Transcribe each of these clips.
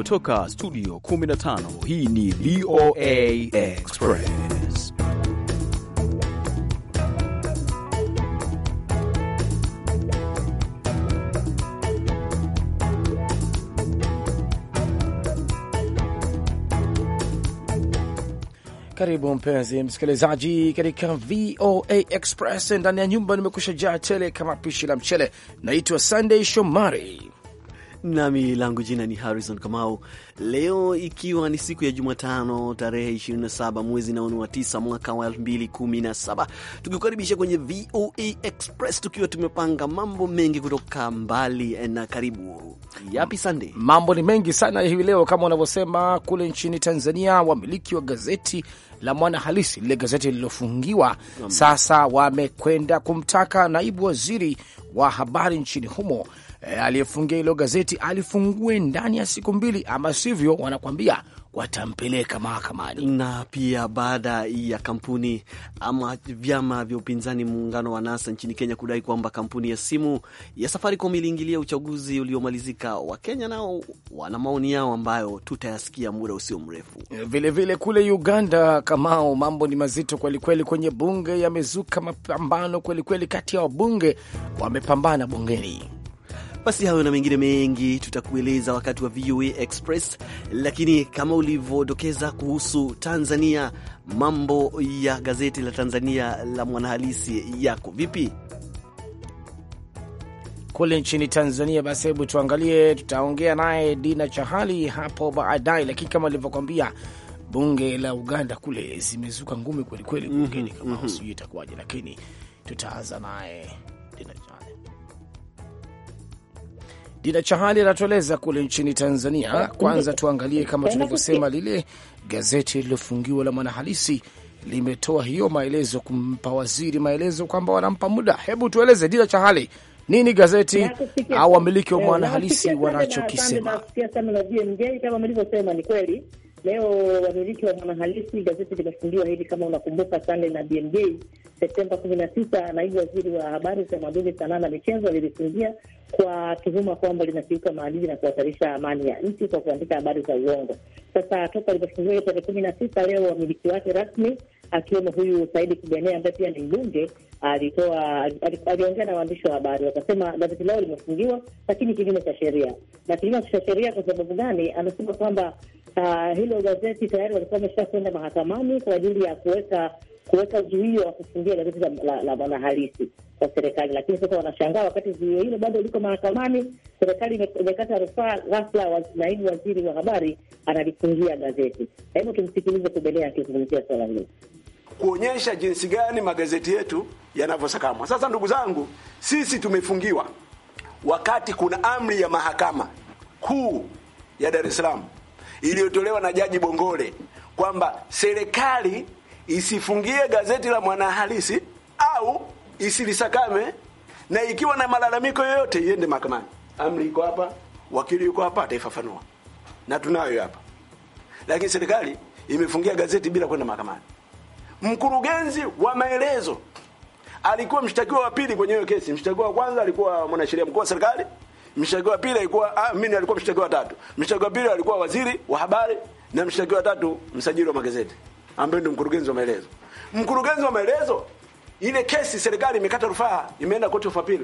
kutoka studio 15 hii ni VOA Express Karibu mpenzi msikilizaji katika VOA Express ndani ya nyumba, nimekusha jaa tele kama pishi la mchele. Naitwa Sunday Shomari nami langu jina ni Harrison Kamau. Leo ikiwa ni siku ya Jumatano tarehe 27 mwezi naoni wa 9 mwaka wa 2017, tukikaribisha kwenye VOA e Express tukiwa tumepanga mambo mengi kutoka mbali eh, na karibu. Yapi Sande, mambo ni mengi sana hivi leo kama unavyosema. Kule nchini Tanzania, wamiliki wa gazeti la Mwana Halisi, lile gazeti lililofungiwa, sasa wamekwenda kumtaka naibu waziri wa habari nchini humo e, aliyefungia hilo gazeti alifungue ndani ya siku mbili, ama sivyo wanakwambia watampeleka mahakamani. Na pia baada ya kampuni ama vyama vya upinzani muungano wa NASA nchini Kenya kudai kwamba kampuni ya simu ya Safaricom iliingilia uchaguzi uliomalizika, Wakenya nao wana maoni yao ambayo tutayasikia muda usio mrefu. Vilevile eh, vile kule Uganda, Kamao, mambo ni mazito kwelikweli. Kwenye bunge yamezuka mapambano kwelikweli, kati ya wabunge wamepambana bungeni. Basi hayo na mengine mengi tutakueleza wakati wa VOA Express, lakini kama ulivyodokeza kuhusu Tanzania, mambo ya gazeti la Tanzania la Mwanahalisi yako vipi? kule nchini Tanzania. Basi hebu tuangalie, tutaongea naye Dina Chahali hapo baadaye, lakini kama nilivyokwambia, bunge la Uganda kule zimezuka ngumi kwelikweli bungeni, mm -hmm, kama mm -hmm, sijui itakuwaje, lakini tutaanza naye Dina Chahali. Dina Chahali anatueleza kule nchini Tanzania. Kwanza tuangalie kama tulivyosema, lile gazeti lililofungiwa la Mwanahalisi limetoa hiyo maelezo, kumpa waziri maelezo kwamba wanampa muda. Hebu tueleze Dina Chahali, nini gazeti au wamiliki wa eh, Mwanahalisi wanachokisema? leo wamiliki wa Mwanahalisi, gazeti limefungiwa hivi, kama unakumbuka, Sande na BMJ Septemba kumi na sita, naibu waziri wa habari, utamaduni, sanaa na michezo alilifungia kwa tuhuma kwamba linakiuka maadili na kuhatarisha amani ya nchi kwa kuandika habari za uongo. Sasa toka alivyofungua hiyo tarehe kumi na sita, leo wamiliki wake rasmi akiwemo huyu Saidi Kibenea ambaye pia ni mbunge alitoa aliongea na waandishi wa habari, wakasema gazeti lao limefungiwa, lakini kinyume cha sheria. Na kinyume cha sheria kwa sababu gani? Anasema kwamba uh, hilo gazeti tayari walikuwa wameshakwenda mahakamani kwa ajili ya kuweka kuweka zuio la kufungia gazeti la Mwanahalisi kwa serikali. Lakini sasa wanashangaa, wakati zuio hilo bado liko mahakamani, serikali imekata rufaa, ghafla naibu waziri wa habari analifungia gazeti. Hebu tumsikilize Kubelea akizungumzia swala hilo, kuonyesha jinsi gani magazeti yetu yanavyosakamwa. Sasa ndugu zangu, sisi tumefungiwa wakati kuna amri ya mahakama kuu ya Dar es Salaam iliyotolewa na Jaji Bongole kwamba serikali isifungie gazeti la Mwanahalisi au isilisakame, na ikiwa na malalamiko yoyote iende mahakamani. Amri iko hapa, wakili yuko hapa, ataifafanua na tunayo hapa. Lakini serikali imefungia gazeti bila kwenda mahakamani. Mkurugenzi wa maelezo alikuwa mshtakiwa wa pili kwenye hiyo kesi. Mshtakiwa wa kwanza alikuwa mwanasheria mkuu wa serikali, mshtakiwa wa pili alikuwa ah, mimi alikuwa mshtakiwa wa tatu, mshtakiwa wa pili alikuwa waziri wa habari, na mshtakiwa wa tatu msajili wa magazeti ambaye ndio mkurugenzi wa maelezo. Mkurugenzi wa maelezo, ile kesi serikali imekata rufaa, imeenda koti ya appeal.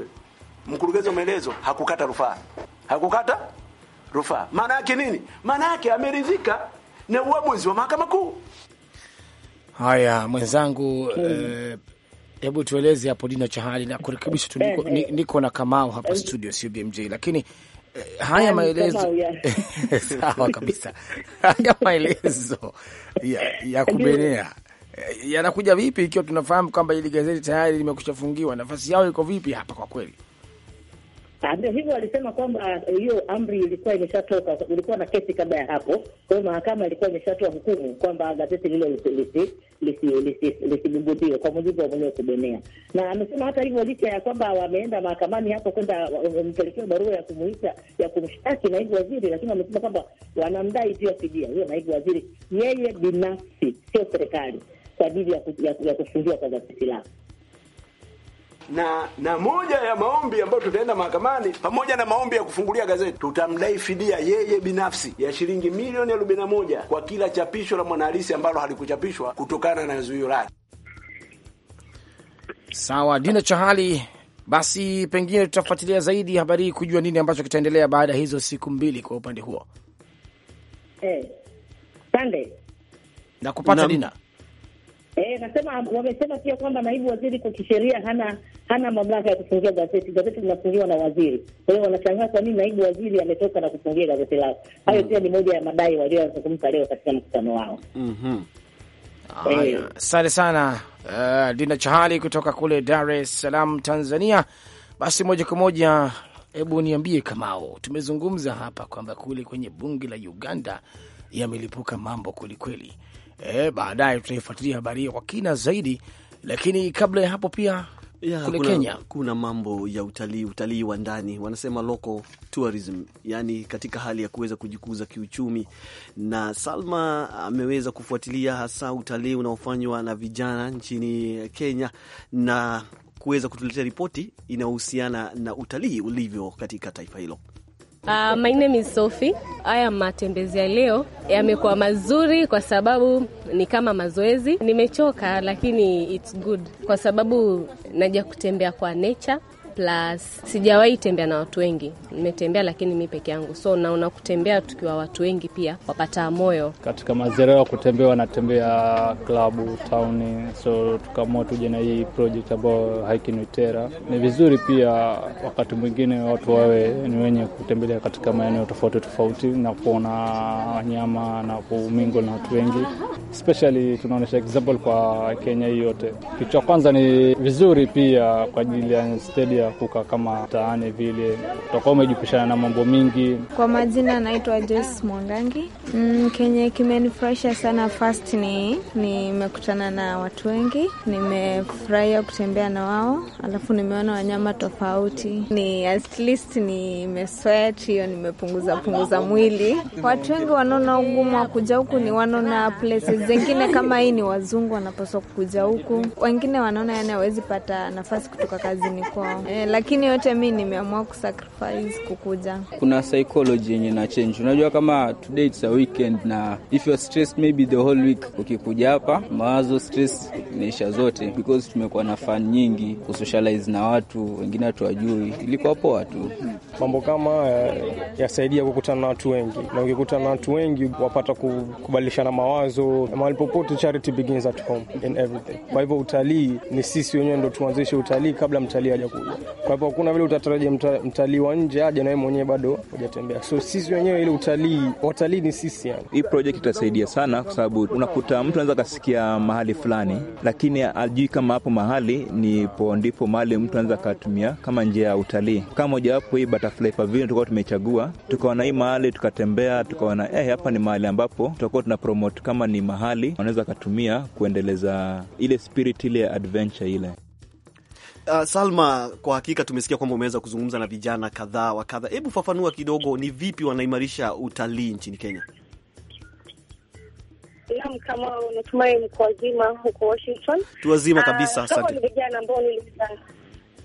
Mkurugenzi wa maelezo hakukata rufaa, hakukata rufaa. Maana yake nini? Maana yake ameridhika na uamuzi wa mahakama kuu. Haya mwenzangu, eh, hebu tueleze hapo Dina Chahali na kurekebisha tu, niko, niko na Kamau hapa studio, sio BMJ, lakini Eh, haya yaani, maelezo sawa kabisa. Haya maelezo ya, ya kubenea eh, yanakuja vipi ikiwa tunafahamu kwamba hili gazeti tayari limekushafungiwa? Nafasi yao iko vipi hapa kwa kweli? Ah, ndio hivyo walisema kwamba ah, hiyo amri ilikuwa imeshatoka, ulikuwa na kesi kabla ya hapo. Kwa hiyo mahakama ilikuwa imeshatoa hukumu kwamba gazeti lilo lisibugudhiwe kwa mujibu wa mwenyewe kubenea, na amesema hata hivyo, licha ya kwamba wameenda mahakamani hapo kwenda wampelekea uh, barua ya kumuita ya kumshtaki naibu waziri, lakini wamesema kwamba wanamdai pia fidia huyo naibu waziri, yeye binafsi, sio serikali, kwa ajili ya kufungiwa kwa gazeti lao na na moja ya maombi ambayo tutaenda mahakamani pamoja na maombi ya kufungulia gazeti, tutamdai fidia yeye binafsi ya shilingi milioni arobaini na moja kwa kila chapisho la Mwanahalisi ambalo halikuchapishwa kutokana na zuio lake. Sawa, Dina Chahali. Basi pengine tutafuatilia zaidi habari hii kujua nini ambacho kitaendelea baada ya hizo siku mbili kwa upande huo. Hey, eh, na kupata Dina Eh, nasema wamesema pia kwamba naibu waziri kwa kisheria hana hana mamlaka ya kufungia gazeti. Gazeti linafungiwa na waziri. Kwa hiyo wanashangaa kwa nini naibu waziri ametoka na kufungia gazeti lao. Hayo mm. pia ni moja ya madai waliozungumza leo katika mkutano wao. Mhm. Eh. Asante sana uh, Dina Chahali kutoka kule Dar es Salaam, Tanzania. Basi moja kwa moja, hebu niambie Kamao, tumezungumza hapa kwamba kule kwenye bunge la Uganda yamelipuka mambo kwelikweli eh, baadaye tutaifuatilia habari hiyo kwa kina zaidi, lakini kabla ya hapo pia ya, kule kuna, Kenya kuna mambo ya utalii, utalii wa ndani wanasema local tourism, yani katika hali ya kuweza kujikuza kiuchumi. Na Salma ameweza kufuatilia hasa utalii unaofanywa na vijana nchini Kenya na kuweza kutuletea ripoti inayohusiana na utalii ulivyo katika taifa hilo. Uh, my name is Sophie. Haya matembezi ya leo yamekuwa mazuri kwa sababu ni kama mazoezi. Nimechoka lakini it's good kwa sababu naja kutembea kwa nature plus sijawahi tembea na watu wengi, nimetembea lakini mi peke yangu, so naona kutembea tukiwa watu wengi pia wapata moyo. Katika mazera ya kutembea, wanatembea klabu tauni, so tukaamua tuje na hii project ambayo Hiking with Terra. Ni vizuri pia wakati mwingine watu wawe ni wenye kutembelea katika maeneo tofauti tofauti na kuona wanyama na kumingo na watu wengi, especially tunaonyesha example kwa Kenya hii yote. Kitu cha kwanza ni vizuri pia kwa ajili ya stadium kuja kukaa kama mtaani vile, utakuwa umejipishana na mambo mingi. Kwa majina anaitwa Joyce Mwangangi. Mm, kenye kimenifurahisha sana first ni nimekutana na watu wengi, nimefurahia kutembea na wao, alafu nimeona wanyama tofauti, ni at least nimesweat, hiyo nimepunguza punguza mwili. Watu wengi wanaona ugumu wa kuja huku, ni wanaona places zengine kama hii ni wazungu wanapaswa kuja huku, wengine wanaona yani hawezi pata nafasi kutoka kazini kwao eh, lakini yote mi nimeamua kusacrifice kukuja. Kuna psychology yenye na change, unajua kama today it's a weekend na if you're stressed maybe the whole week, ukikuja hapa mawazo stress naisha zote, because tumekuwa na fan nyingi kusocialize na watu wengine hatuwajui, ilikuwa poa tu. Mambo kama haya eh, yasaidia kukutana na watu wengi, na ukikutana na watu wengi wapata kubadilishana mawazo mahali popote. Charity begins at home in everything. Kwa hivyo utalii ni sisi wenyewe ndo tuanzishe utalii kabla mtalii hajakuja. Kwa hivyo kuna vile utatarajia mta, mtalii wa nje aje na mwenyewe bado hujatembea. So sisi wenyewe ile utalii, watalii ni sisi yani. Hii project itasaidia sana kwa sababu unakuta mtu anaweza akasikia mahali fulani lakini ajui kama hapo mahali nipo ndipo mahali mtu anaweza akatumia kama njia ya utalii. Kama mojawapo hii Butterfly Pavilion tulikuwa tumechagua, tukaona hii mahali tukatembea, tukaona eh, hapa ni mahali ambapo tutakuwa tuna promote kama ni mahali wanaweza akatumia kuendeleza ile spirit ile adventure ile. Uh, Salma, kwa hakika tumesikia kwamba umeweza kuzungumza na vijana kadhaa wa kadha. Hebu fafanua kidogo, ni vipi wanaimarisha utalii nchini Kenya? Naam, kama natumai mko wazima huko Washington? Tu wazima ah, kabisa, kama Ni vijana ambao niliweza,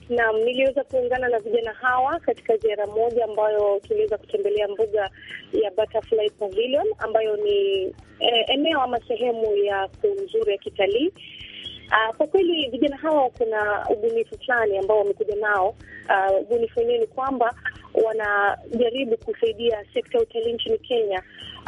naam, niliweza kuungana na vijana hawa katika ziara moja ambayo tuliweza kutembelea mbuga ya Butterfly Pavilion ambayo ni eh, eneo ama sehemu ya kumzuri ya kitalii Uh, kwa kweli vijana hawa kuna ubunifu fulani ambao wamekuja nao. Ah, ubunifu uh, wenyewe ni kwamba wanajaribu kusaidia sekta ya utalii nchini Kenya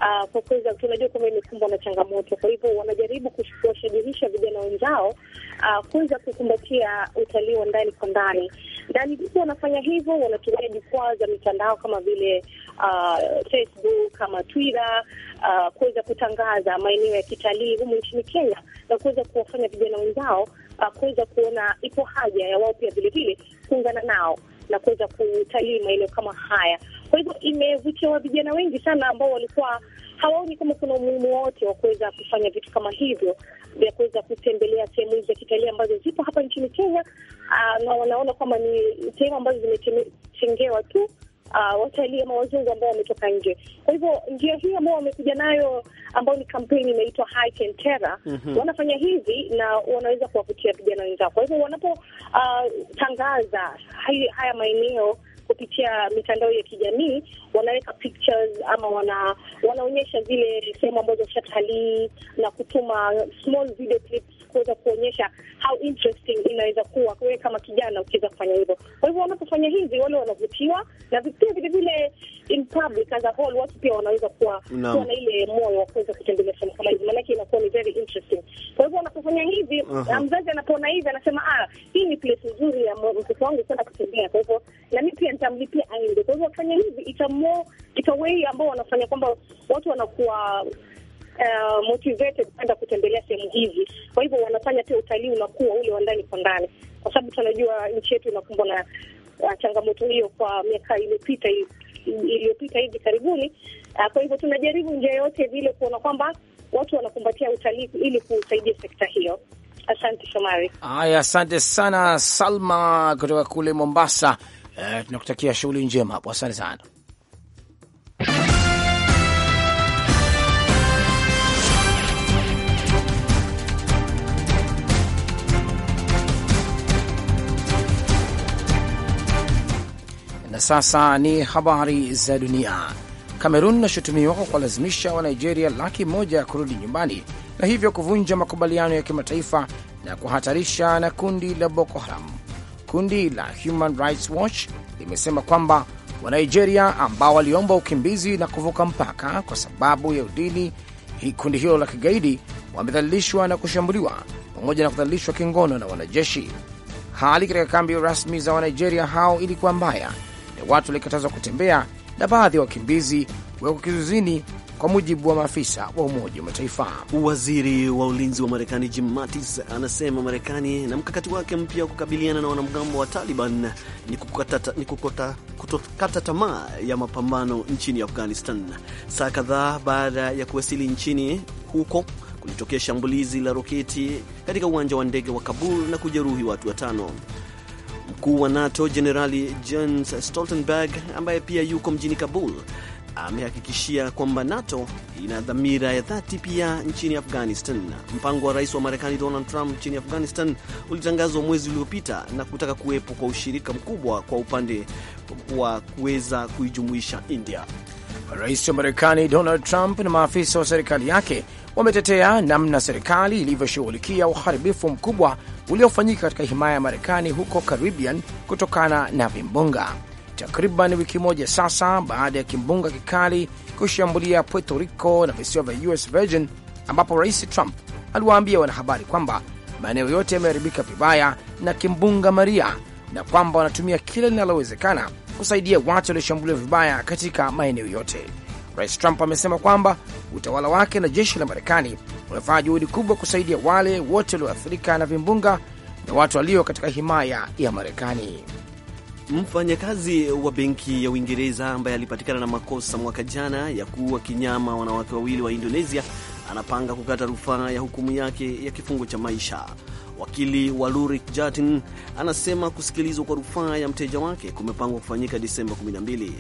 uh, kwa kuweza, tunajua kwamba imekumbwa na changamoto, kwa hivyo wanajaribu kuwashajirisha vijana wenzao uh, kuweza kukumbatia utalii wa ndani kwa ndani, ndani ndipo wanafanya hivyo, wanatumia jukwaa za mitandao kama vile uh, Facebook kama Twitter uh, kuweza kutangaza maeneo ya kitalii humu nchini Kenya na kuweza kuwafanya vijana wenzao uh, kuweza kuona ipo haja ya wao pia vilevile kuungana nao na kuweza kutalii maeneo kama haya. Kwa hivyo imevutia vijana wengi sana ambao walikuwa hawaoni kama kuna umuhimu wote wa kuweza kufanya vitu kama hivyo vya kuweza kutembelea sehemu hizi za kitalii ambazo zipo hapa nchini Kenya, ah, na wanaona kwamba ni sehemu ambazo zimetengewa tu uh, watalii ama wazungu ambao wametoka nje. Kwa hivyo njia hii ambao wamekuja nayo ambao ni kampeni inaitwa Hike and Terra mm -hmm. wanafanya hivi na wanaweza kuwavutia vijana wenzao. Kwa hivyo wanapotangaza uh, haya maeneo kupitia mitandao ya kijamii wanaweka pictures ama wana, wanaonyesha zile sehemu ambazo shatalii na kutuma small video clips kuweza kuonyesha how interesting inaweza kuwa wewe kama kijana ukiweza kufanya hivyo. Kwa hivyo wanapofanya hivi, wale wanavutiwa na pia vile vile in public as a whole, watu pia wanaweza kuwa no. kuwa na ile moyo wa kuweza kutembelea sehemu kama hivi, maanake inakuwa ni very interesting. Kwa hivyo wanapofanya hivi uh -huh. Mzazi anapoona hivi anasema, ah, hii ni place nzuri ya mtoto wangu kwenda kutembea. Kwa hivyo na mimi pia nitamlipia aende. Kwa hivyo wakifanya hivi itamo way ambao wanafanya kwamba watu wanakuwa uh, motivated kwenda kutembelea sehemu hizi. Kwa hivyo wanafanya pia utalii unakuwa ule wa ndani kwa ndani, kwa sababu tunajua nchi yetu inakumbwa na uh, changamoto hiyo kwa miaka iliyopita iliyopita hivi karibuni. Uh, kwa hivyo tunajaribu njia yote vile kuona kwamba watu wanakumbatia utalii ili kusaidia sekta hiyo. Asante Shomari. Haya, asante sana Salma kutoka kule Mombasa. Eh, tunakutakia shughuli njema hapo, asante sana. Na sasa ni habari za dunia. Kamerun inashutumiwa kwa kuwalazimisha Wanigeria laki moja ya kurudi nyumbani na hivyo kuvunja makubaliano ya kimataifa na kuhatarisha na kundi la Boko Haram. Kundi la Human Rights Watch limesema kwamba Wanigeria ambao waliomba ukimbizi na kuvuka mpaka kwa sababu ya udini kundi hilo la kigaidi wamedhalilishwa na kushambuliwa pamoja na kudhalilishwa kingono na wanajeshi. Hali katika kambi rasmi za Wanigeria hao ilikuwa mbaya, na watu walikatazwa kutembea na baadhi ya wakimbizi kuwekwa kizuizini kwa mujibu wa maafisa wa Umoja wa Mataifa. Waziri wa ulinzi wa Marekani Jim Mattis anasema Marekani na mkakati wake mpya wa kukabiliana na wanamgambo wa Taliban ni kukata, ni kutokata tamaa ya mapambano nchini Afghanistan. Saa kadhaa baada ya kuwasili nchini huko kulitokea shambulizi la roketi katika uwanja wa ndege wa Kabul na kujeruhi watu watano. Mkuu wa NATO Jenerali Jens Stoltenberg ambaye pia yuko mjini Kabul amehakikishia kwamba NATO ina dhamira ya dhati pia nchini Afghanistan. Mpango wa rais wa Marekani Donald Trump nchini Afghanistan ulitangazwa mwezi uliopita na kutaka kuwepo kwa ushirika mkubwa kwa upande wa kuweza kuijumuisha India. Rais wa Marekani Donald Trump na maafisa wa serikali yake wametetea namna serikali ilivyoshughulikia uharibifu mkubwa uliofanyika katika himaya ya Marekani huko Caribbean kutokana na vimbunga takriban wiki moja sasa baada ya kimbunga kikali kushambulia Puerto Rico na visiwa vya US Virgin, ambapo Rais Trump aliwaambia wanahabari kwamba maeneo yote yameharibika vibaya na kimbunga Maria na kwamba wanatumia kila linalowezekana kusaidia watu walioshambuliwa vibaya katika maeneo yote. Rais Trump amesema kwamba utawala wake na jeshi la Marekani wamefanya juhudi kubwa kusaidia wale wote walioathirika na vimbunga na watu walio katika himaya ya Marekani. Mfanyakazi wa benki ya Uingereza ambaye alipatikana na makosa mwaka jana ya kuua kinyama wanawake wawili wa Indonesia anapanga kukata rufaa ya hukumu yake ya kifungo cha maisha. Wakili wa Lurik Jatin anasema kusikilizwa kwa rufaa ya mteja wake kumepangwa kufanyika Disemba 12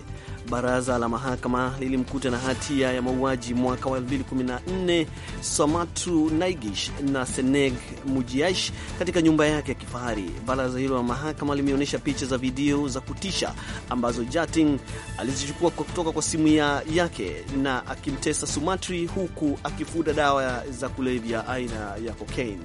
baraza la mahakama lilimkuta na hatia ya mauaji mwaka wa 2014 Samatu Naigish na Seneg mujiash katika nyumba yake ya kifahari. Baraza hilo la mahakama limeonyesha picha za video za kutisha ambazo Jating alizichukua kutoka kwa simu ya yake na akimtesa Sumatri huku akifuda dawa za kulevya aina ya kokaini.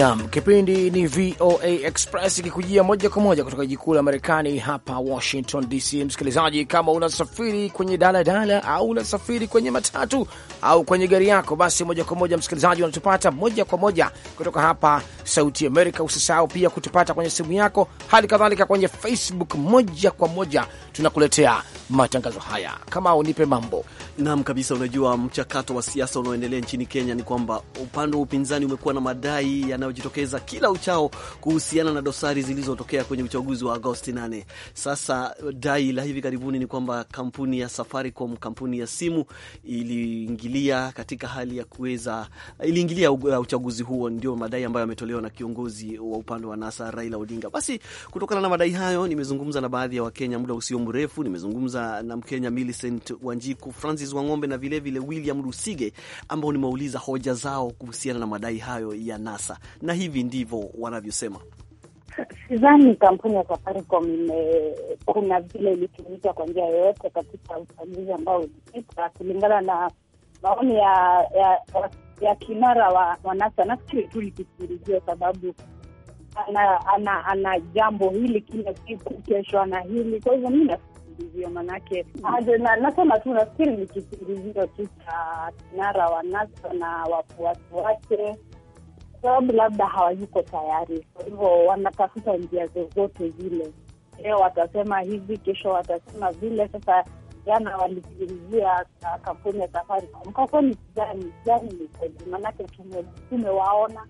Nam, kipindi ni VOA Express ikikujia moja kwa moja kutoka jikuu la Marekani hapa Washington DC. Msikilizaji, kama unasafiri kwenye daladala au unasafiri kwenye matatu au kwenye gari yako, basi moja kwa moja msikilizaji, unatupata moja kwa moja kutoka hapa Sauti Amerika. Usisahau pia kutupata kwenye simu yako, hali kadhalika kwenye Facebook. Moja kwa moja tunakuletea matangazo haya. Kama unipe mambo nam kabisa. Unajua, mchakato wa siasa unaoendelea nchini Kenya ni kwamba upande wa upinzani umekuwa na madai yanayojitokeza kila uchao kuhusiana na dosari zilizotokea kwenye uchaguzi wa Agosti 8. Sasa dai la hivi karibuni ni kwamba kampuni ya Safaricom, kampuni ya simu, iliingilia katika hali ya kuweza iliingilia uchaguzi huo, ndio madai ambayo yametolewa na kiongozi wa upande wa NASA Raila Odinga. Basi kutokana na madai hayo, nimezungumza na baadhi ya Wakenya muda usio mrefu. Nimezungumza na Mkenya Millicent Wanjiku, Francis Wang'ombe na vilevile vile William Lusige, ambao nimeuliza hoja zao kuhusiana na madai hayo ya NASA, na hivi ndivyo wanavyosema. Sidhani kampuni ya Safaricom ime kuna vile ilitumika kwa njia yoyote katika uchaguzi ambao ulipita, kulingana na maoni ya, ya, ya ya kinara wa, wa NASA. Nafikiri tu likizungumziwa sababu ana, ana ana jambo hili kila siku, kesho ana hili, kwa hivyo mi nasikirizio manake na, nasema tu nafikiri ni kisingizio tu cha kinara wa NASA na wafuasi wake, sababu labda hawayuko tayari, kwa hivyo wanatafuta njia zozote zile. Leo watasema hivi, kesho watasema vile. Sasa jana walizungumzia kampuni ya Safaricom, kwa kweli gani gani ni kweli, maanake tumewaona.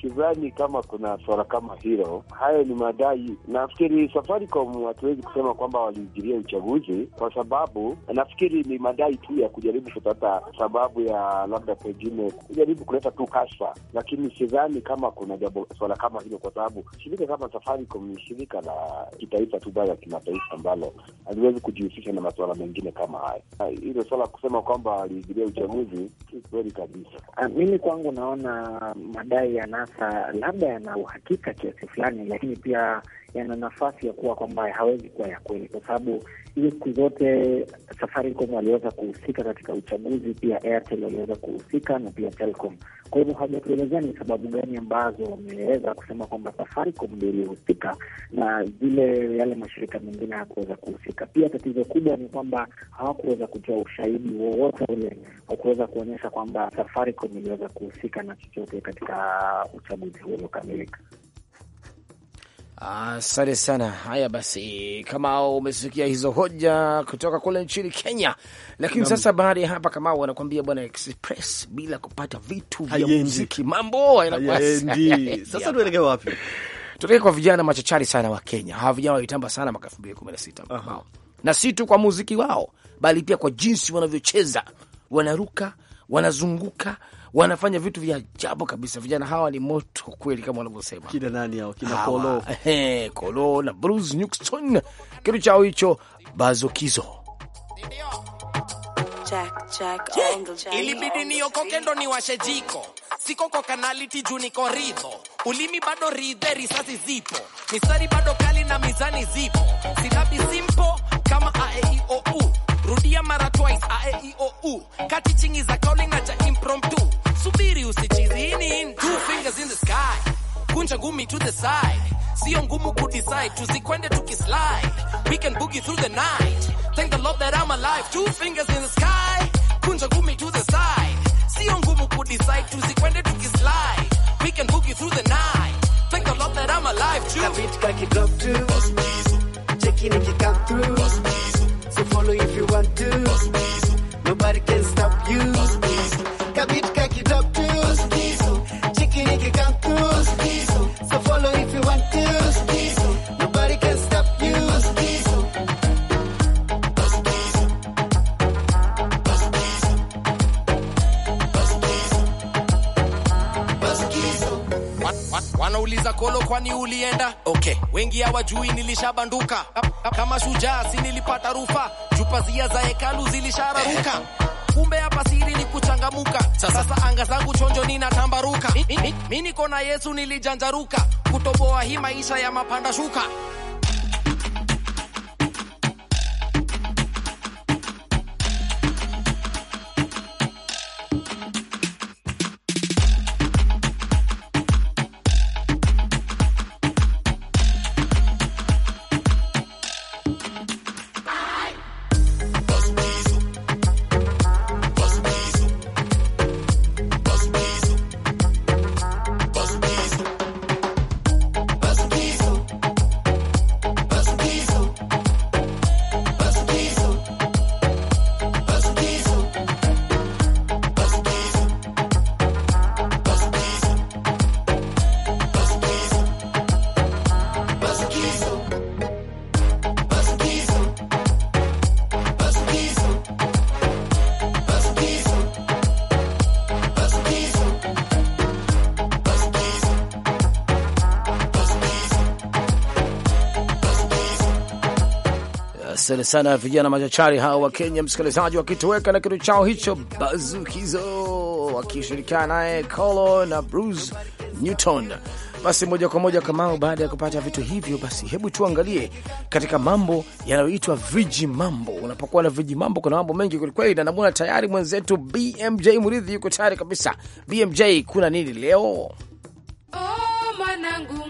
Sidhani kama kuna swala kama hilo. Hayo ni madai. Nafikiri Safaricom hatuwezi kusema kwamba waliingilia uchaguzi, kwa sababu nafikiri ni madai tu ya kujaribu kupata sababu ya labda pengine kujaribu kuleta tu kashfa, lakini sidhani kama kuna jambo swala kama hilo, kwa sababu shirika kama Safaricom ni shirika la kitaifa tu, baa ya kimataifa ambalo haliwezi kujihusisha na masuala mengine kama haya. Hilo swala kusema kwamba waliingilia uchaguzi kiukweli kabisa. Ah, mimi kwangu naona madai ya NASA labda yana uhakika kiasi fulani, lakini pia yana nafasi ya kuwa kwamba hawezi kuwa ya kweli, kwa sababu hizi siku zote Safaricom waliweza kuhusika katika uchaguzi, pia Airtel waliweza kuhusika na pia Telcom. Kwa hivyo hawajatuelezea ni sababu gani ambazo wameweza kusema kwamba Safaricom ndio iliyohusika na vile yale mashirika mengine hayakuweza kuhusika. Pia tatizo kubwa ni kwamba hawakuweza kutoa ushahidi wowote ule wa kuweza kuonyesha kwamba Safaricom iliweza kuhusika na chochote katika uchaguzi huo uliokamilika. Asante ah, sana. Haya basi, kama umesikia hizo hoja kutoka kule nchini Kenya, lakini sasa baada ya hapa, kama wanakuambia bwana, express bila kupata vitu vya muziki, mambo yanakuwa sasa. Tuelekee wapi? Tuelekee kwa vijana machachari sana wa Kenya. Hawa vijana walitamba sana mwaka 2016 na si tu kwa muziki wao, bali pia kwa jinsi wanavyocheza, wanaruka, wanazunguka wanafanya vitu vya ajabu kabisa. Vijana hawa ni moto kweli, kama wanavyosema kina nani hao, kina Kolo, Kolo na Bruce Newston, kitu chao hicho bazokizo ilibidi niokoke ndo washe jiko, siko kwa kanaliti juu niko ridho, ulimi bado ridhe, risasi zipo, mistari bado kali na mizani zipo, silabi simpo kama aeiou rudia mara twice a e i o u kati chingi za impromptu subiri usichizini two fingers in the sky kunja gumi to the side sio ngumu kudecide tusikwende tukislide we can boogie through the night thank the lord that i'm alive two fingers in the sky kunja gumi to the side sio ngumu kudecide tusikwende tukislide we can boogie through the night thank the lord that i'm alive too boss through boss so follow if you want to. Nobody can stop you. Kabitka kidogo. wanauliza kolo, kwani ulienda? Okay, wengi hawajui nilishabanduka kama shujaa, si nilipata rufa, jupazia za hekalu zilishararuka kumbe hapa siri ni kuchangamuka. Sasa, sasa anga zangu chonjo ninatambaruka, mi niko na Yesu nilijanjaruka, kutoboa hii maisha ya mapanda shuka Asante sana vijana machachari hao wa Kenya, msikilizaji, wakitoweka na kitu chao hicho bazukizo, wakishirikiana naye Colo na Bruce Newton. Basi moja kwa moja Kamao, baada ya kupata vitu hivyo, basi hebu tuangalie katika mambo yanayoitwa viji mambo. Unapokuwa na viji mambo, kuna mambo mengi kwelikweli, na namwona tayari mwenzetu BMJ Murithi yuko tayari kabisa. BMJ, kuna nini leo? Oh, manangu,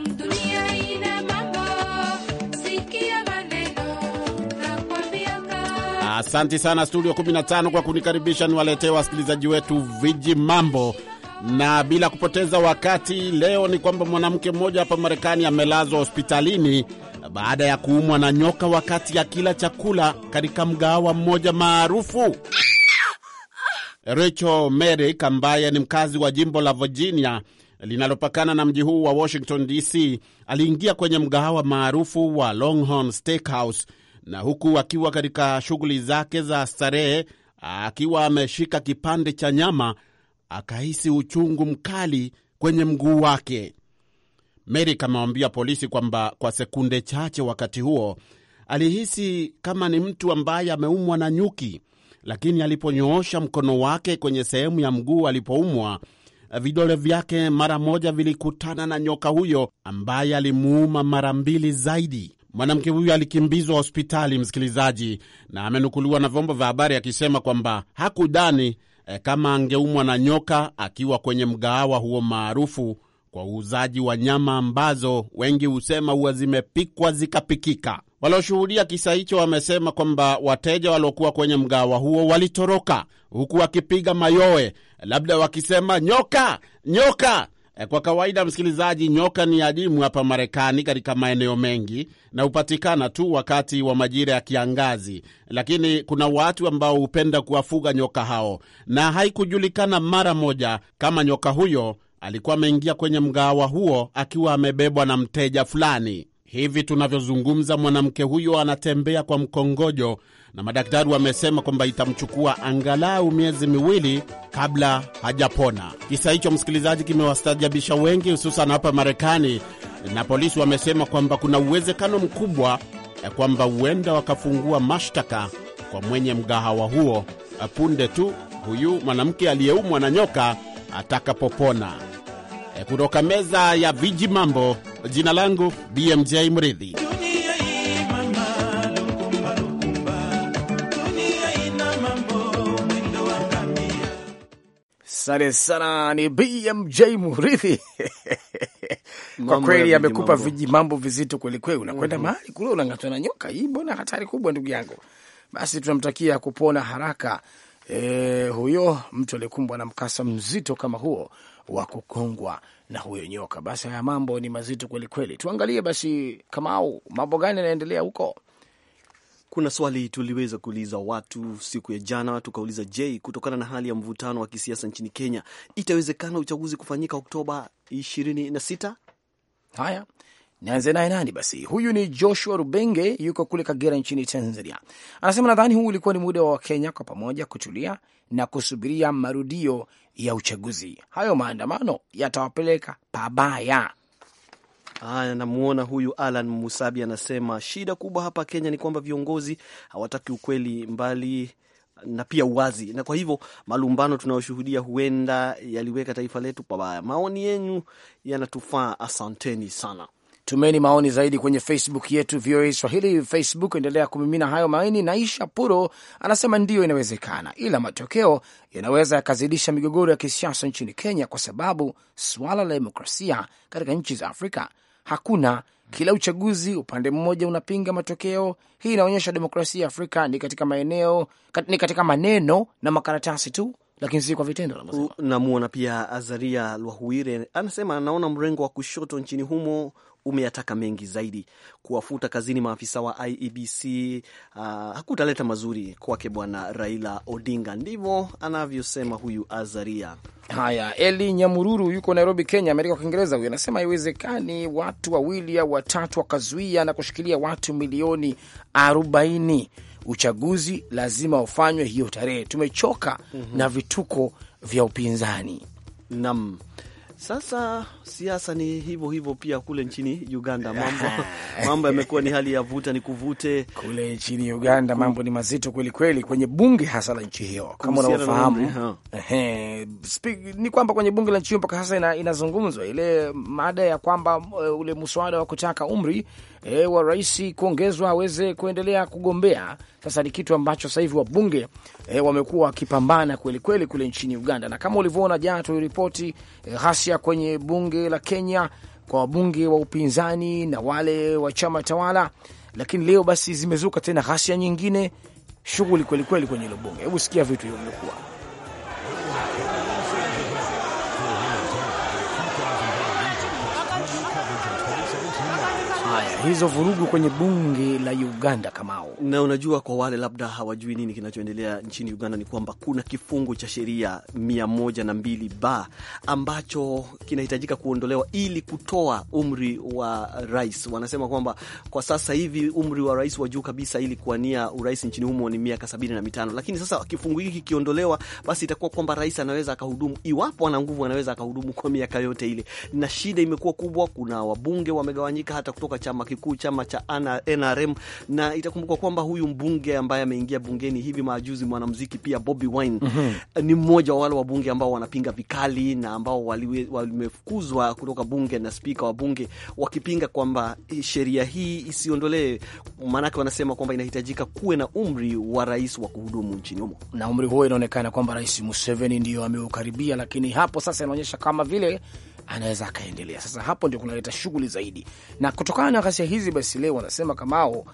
asante asanti sana studio 15 kwa kunikaribisha niwaletee wasikilizaji wetu viji mambo. Na bila kupoteza wakati, leo ni kwamba mwanamke mmoja hapa Marekani amelazwa hospitalini baada ya kuumwa na nyoka wakati ya kila chakula katika mgahawa mmoja maarufu. Rachel merik ambaye ni mkazi wa jimbo la Virginia linalopakana na mji huu wa Washington DC, aliingia kwenye mgahawa maarufu wa Longhorn Steakhouse na huku akiwa katika shughuli zake za starehe, akiwa ameshika kipande cha nyama, akahisi uchungu mkali kwenye mguu wake. meri amewambia polisi kwamba kwa sekunde chache wakati huo alihisi kama ni mtu ambaye ameumwa na nyuki, lakini aliponyoosha mkono wake kwenye sehemu ya mguu alipoumwa, vidole vyake mara moja vilikutana na nyoka huyo ambaye alimuuma mara mbili zaidi. Mwanamke huyu alikimbizwa hospitali, msikilizaji, na amenukuliwa na vyombo vya habari akisema kwamba hakudhani eh, kama angeumwa na nyoka akiwa kwenye mgahawa huo maarufu kwa uuzaji wa nyama ambazo wengi husema huwa zimepikwa zikapikika. Walioshuhudia kisa hicho wamesema kwamba wateja waliokuwa kwenye mgahawa huo walitoroka huku wakipiga mayowe, labda wakisema nyoka, nyoka, Eh, kwa kawaida, msikilizaji, nyoka ni adimu hapa Marekani katika maeneo mengi na hupatikana tu wakati wa majira ya kiangazi, lakini kuna watu ambao hupenda kuwafuga nyoka hao, na haikujulikana mara moja kama nyoka huyo alikuwa ameingia kwenye mgahawa huo akiwa amebebwa na mteja fulani. Hivi tunavyozungumza, mwanamke huyo anatembea kwa mkongojo na madaktari wamesema kwamba itamchukua angalau miezi miwili kabla hajapona. Kisa hicho, msikilizaji, kimewastajabisha wengi, hususan hapa Marekani, na polisi wamesema kwamba kuna uwezekano mkubwa kwamba huenda wakafungua mashtaka kwa mwenye mgahawa huo punde tu huyu mwanamke aliyeumwa na nyoka atakapopona. E, kutoka meza ya viji mambo, jina langu BMJ Mridhi. Asante sana, ni BMJ Muridhi. Kwa kweli amekupa viji mambo vizito kwelikweli, unakwenda mm -hmm. mahali kule unang'atwa na nyoka. Hii mbona hatari kubwa, ndugu yangu. Basi tunamtakia kupona haraka e, huyo mtu aliyekumbwa na mkasa mzito kama huo wa kugongwa na huyo nyoka. Basi haya mambo ni mazito kwelikweli. Tuangalie basi, Kamau, mambo gani yanaendelea huko? Kuna swali tuliweza kuuliza watu siku ya jana, tukauliza je, kutokana na hali ya mvutano wa kisiasa nchini Kenya, itawezekana uchaguzi kufanyika Oktoba 26? Haya, nianze naye nani basi. Huyu ni Joshua Rubenge, yuko kule Kagera nchini Tanzania. Anasema nadhani huu ulikuwa ni muda wa Wakenya kwa pamoja kutulia na kusubiria marudio ya uchaguzi. Hayo maandamano yatawapeleka pabaya. Haya, namwona huyu Alan Musabi anasema shida kubwa hapa Kenya ni kwamba viongozi hawataki ukweli mbali na pia uwazi, na kwa hivyo malumbano tunayoshuhudia huenda yaliweka taifa letu pabaya. Maoni yenyu yanatufaa, asanteni sana. Tumeni maoni zaidi kwenye Facebook yetu VOA Swahili. Facebook endelea kumimina hayo maoni. Naisha Puro anasema ndiyo, inawezekana, ila matokeo yanaweza yakazidisha migogoro ya kisiasa nchini Kenya, kwa sababu suala la demokrasia katika nchi za Afrika hakuna. Kila uchaguzi upande mmoja unapinga matokeo. Hii inaonyesha demokrasia ya Afrika ni katika maeneo, ni katika maneno na makaratasi tu, lakini si kwa vitendo. Namuona pia Azaria Lwahuire anasema anaona mrengo wa kushoto nchini humo umeyataka mengi zaidi. Kuwafuta kazini maafisa wa IEBC uh, ah, hakutaleta mazuri kwake Bwana Raila Odinga, ndivyo anavyosema huyu Azaria. Haya, Eli Nyamururu yuko Nairobi, Kenya, Amerika kwa Kiingereza. Huyu anasema haiwezekani watu wawili au watatu wakazuia na kushikilia watu milioni arobaini. Uchaguzi lazima ufanywe hiyo tarehe. Tumechoka mm -hmm. na vituko vya upinzani nam sasa siasa ni hivyo hivyo pia kule nchini Uganda mambo mambo yamekuwa ni hali ya vuta ni kuvute kule nchini Uganda. Mambo ni mazito kweli kweli kwenye bunge hasa la nchi hiyo, kama unavyofahamu ni kwamba kwenye bunge la nchi hiyo mpaka sasa ina, inazungumzwa ile mada ya kwamba eh, ule mswada wa kutaka umri e, wa rais kuongezwa aweze kuendelea kugombea. Sasa ni kitu ambacho sasa hivi wabunge e, wamekuwa wakipambana kwelikweli kule nchini Uganda, na kama ulivyoona jana tuliripoti e, ghasia e, kwenye bunge la Kenya kwa wabunge wa upinzani na wale wa chama tawala, lakini leo basi zimezuka tena ghasia nyingine, shughuli kwelikweli kwenye hilo bunge. Hebu sikia vitu hivyo vimekuwa hizo vurugu kwenye bunge la Uganda kamao. Na unajua, kwa wale labda hawajui nini kinachoendelea nchini Uganda ni kwamba kuna kifungu cha sheria mia moja na mbili ba ambacho kinahitajika kuondolewa ili kutoa umri wa rais. Wanasema kwamba kwa sasa hivi umri wa rais wa juu kabisa ili kuania urais nchini humo ni miaka sabini na mitano, lakini sasa kifungu hiki kikiondolewa, basi itakuwa kwamba rais anaweza akahudumu, iwapo ana nguvu, anaweza akahudumu kwa miaka yote ile, na shida imekuwa kubwa. Kuna wabunge wamegawanyika hata kutoka chama kikuu chama cha NRM, na itakumbukwa kwamba huyu mbunge ambaye ameingia bungeni hivi majuzi, mwanamuziki pia Bobby Wine mm -hmm. ni mmoja wa wale wabunge ambao wanapinga vikali na ambao walimefukuzwa wali kutoka bunge na spika wa bunge wakipinga kwamba sheria hii isiondolewe, maanake wanasema kwamba inahitajika kuwe na umri wa rais wa kuhudumu nchini humo, na umri huo inaonekana kwamba Rais Museveni ndiyo ameukaribia, lakini hapo sasa inaonyesha kama vile anaweza akaendelea. Sasa hapo ndio kunaleta shughuli zaidi, na kutokana na ghasia hizi, basi leo wanasema kamao,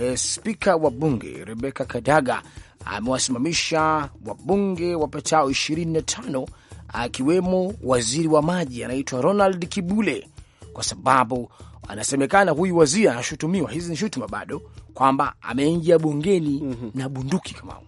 e, eh, spika wa bunge Rebeka Kadaga amewasimamisha wabunge wapatao ishirini na tano akiwemo waziri wa maji anaitwa Ronald Kibule kwa sababu anasemekana huyu waziri anashutumiwa, hizi ni shutuma bado, kwamba ameingia bungeni mm -hmm. na bunduki kamao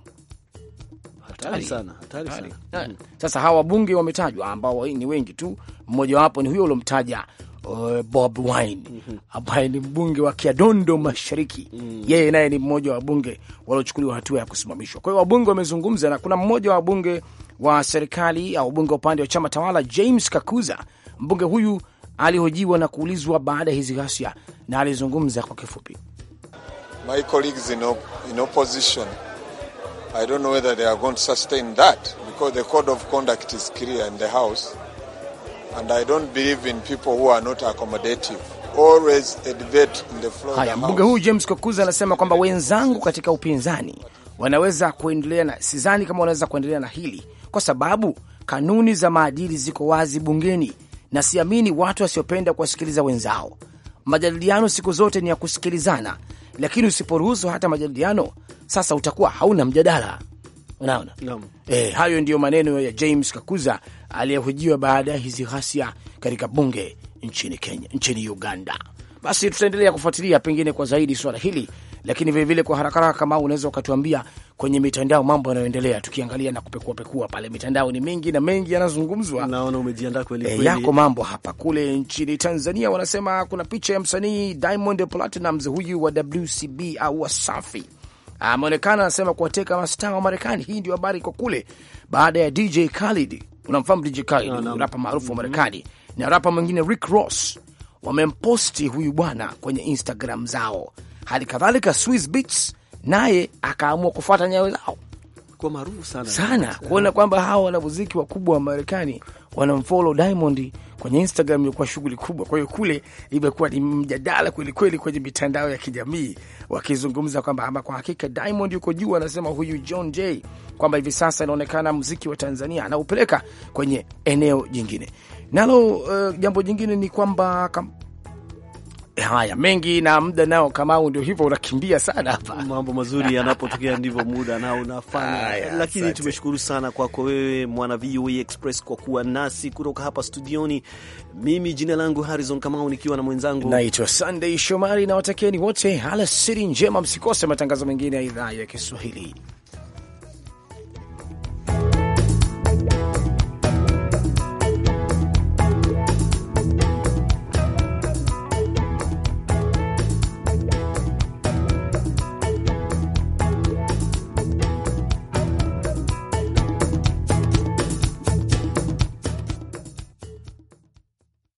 hatari sana, hatari hatari Hmm. Sasa hawa wabunge wametajwa ambao ni wengi tu, mmojawapo ni huyo uliomtaja Uh, Bob Wine mm -hmm. ambaye ni mbunge wa Kiadondo Mashariki mm -hmm. Yeye naye ni mmoja wa wabunge waliochukuliwa hatua ya kusimamishwa. Kwa hiyo wabunge wamezungumza, na kuna mmoja wa wabunge wa serikali au wabunge wa upande wa chama tawala James Kakuza. Mbunge huyu alihojiwa na kuulizwa baada ya hizi ghasia, na alizungumza kwa kifupi. My colleagues in, op in opposition I don't know whether they are going to sustain that because the code of conduct is clear in the House and I don't believe in people who are not accommodative. Always a debate in the floor. Haya, mbunge huyu James Kokuza anasema kwamba wenzangu katika upinzani wanaweza kuendelea na, sidhani kama wanaweza kuendelea na hili kwa sababu kanuni za maadili ziko wazi bungeni, na siamini watu wasiopenda kuwasikiliza wenzao. Majadiliano siku zote ni ya kusikilizana lakini usiporuhusu hata majadiliano, sasa utakuwa hauna mjadala. Unaona E, hayo ndiyo maneno ya James Kakuza aliyehojiwa baada ya hizi ghasia katika bunge nchini Kenya, nchini Uganda. Basi tutaendelea kufuatilia pengine kwa zaidi swala hili lakini vilevile kwa haraka haraka, kama unaweza ukatuambia kwenye mitandao mambo yanayoendelea, tukiangalia na kupekua pekua pale mitandao ni mingi na mengi yanazungumzwa. Naona umejiandaa kweli eh, kweli. E, yako mambo hapa. Kule nchini Tanzania wanasema kuna picha ya msanii Diamond Platnumz huyu wa WCB au Wasafi ameonekana anasema kuwateka mastaa wa Marekani. Hii ndio habari kwa kule, baada ya DJ Khalid, unamfahamu DJ Khalid, no, no, rapa maarufu wa mm-hmm. Marekani mm -hmm. na rapa mwingine Rick Ross wamemposti huyu bwana kwenye Instagram zao Hali kadhalika Swiss Beats naye akaamua kufuata nyayo zao kwa maarufu sana sana, kuona kwamba hawa wanamuziki wakubwa wa Marekani wanamfollow Diamond kwenye Instagram, imekuwa shughuli kubwa. Kwa hiyo kule imekuwa ni mjadala kwelikweli kwenye mitandao ya kijamii, wakizungumza kwamba ama kwa hakika Diamond yuko juu, anasema huyu John Jay kwamba hivi sasa inaonekana muziki wa Tanzania anaupeleka kwenye eneo jingine. Nalo uh, jambo jingine ni kwamba Haya, mengi na muda nao, kama ndio hivyo, unakimbia sana hapa. Mambo mazuri yanapotokea ndivyo muda nao unafanya, lakini tumeshukuru sana kwako wewe mwana VOA e Express kwa kuwa nasi kutoka hapa studioni. Mimi jina langu Harrison Kamau, nikiwa na mwenzangu naitwa Sunday Shomari, na watakieni wote alasiri njema, msikose matangazo mengine ya idhaa ya Kiswahili.